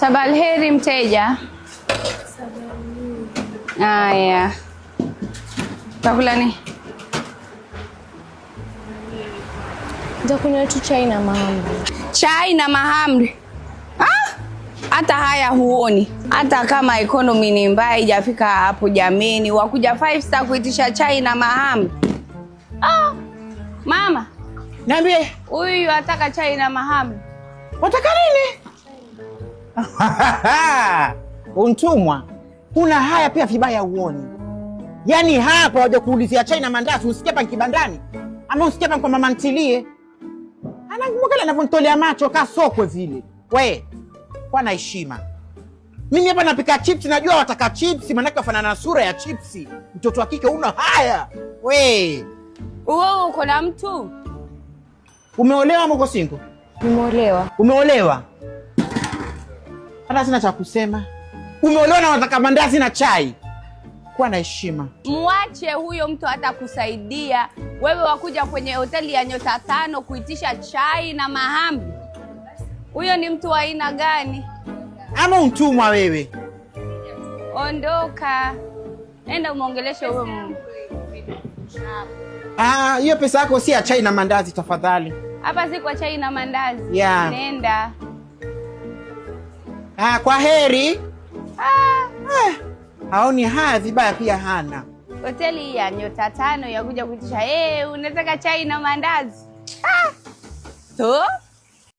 Sabalheri mteja. Haya, utakula nini? Nitakunywa tu chai na mahamri. Chai na mahamri ah! hata haya huoni, hata kama ekonomi ni mbaya, haijafika hapo jameni, wakuja five star kuitisha chai na mahamri. Ah, mama niambie, huyu ataka chai na mahamri. Wataka nini? Untumwa, kuna haya pia vibaya uoni. Yaani hapa waja kuulizia chai na mandazi, usikia hapa kibandani ama usikia hapa kwa mama ntilie anamwakala anavyonitolea macho kasokwe vile. We kwana heshima, mimi hapa napika chipsi, najua wataka chipsi, maanake wafanana na sura ya chipsi. Mtoto wa kike una haya we. Uo uko na mtu umeolewa, moko singo? Umeolewa? umeolewa hata sina cha kusema. Umeolewa na unataka mandazi na chai? Kuwa na heshima, mwache huyo mtu hata kusaidia wewe. Wakuja kwenye hoteli ya nyota tano kuitisha chai na mahamri, huyo ni mtu wa aina gani? Ama mtumwa wewe? Ondoka, enda umwongeleshe huyo mtu. Ah, hiyo pesa yako si ya chai na mandazi, tafadhali. Hapa si kwa chai na mandazi. Yeah. Nenda. Ah, kwa heri. Ah, eh, haoni haya baya pia hana. Hoteli ya nyota tano yakuja kutisha. Eh, hey, unataka chai na mandazi? Ah. So?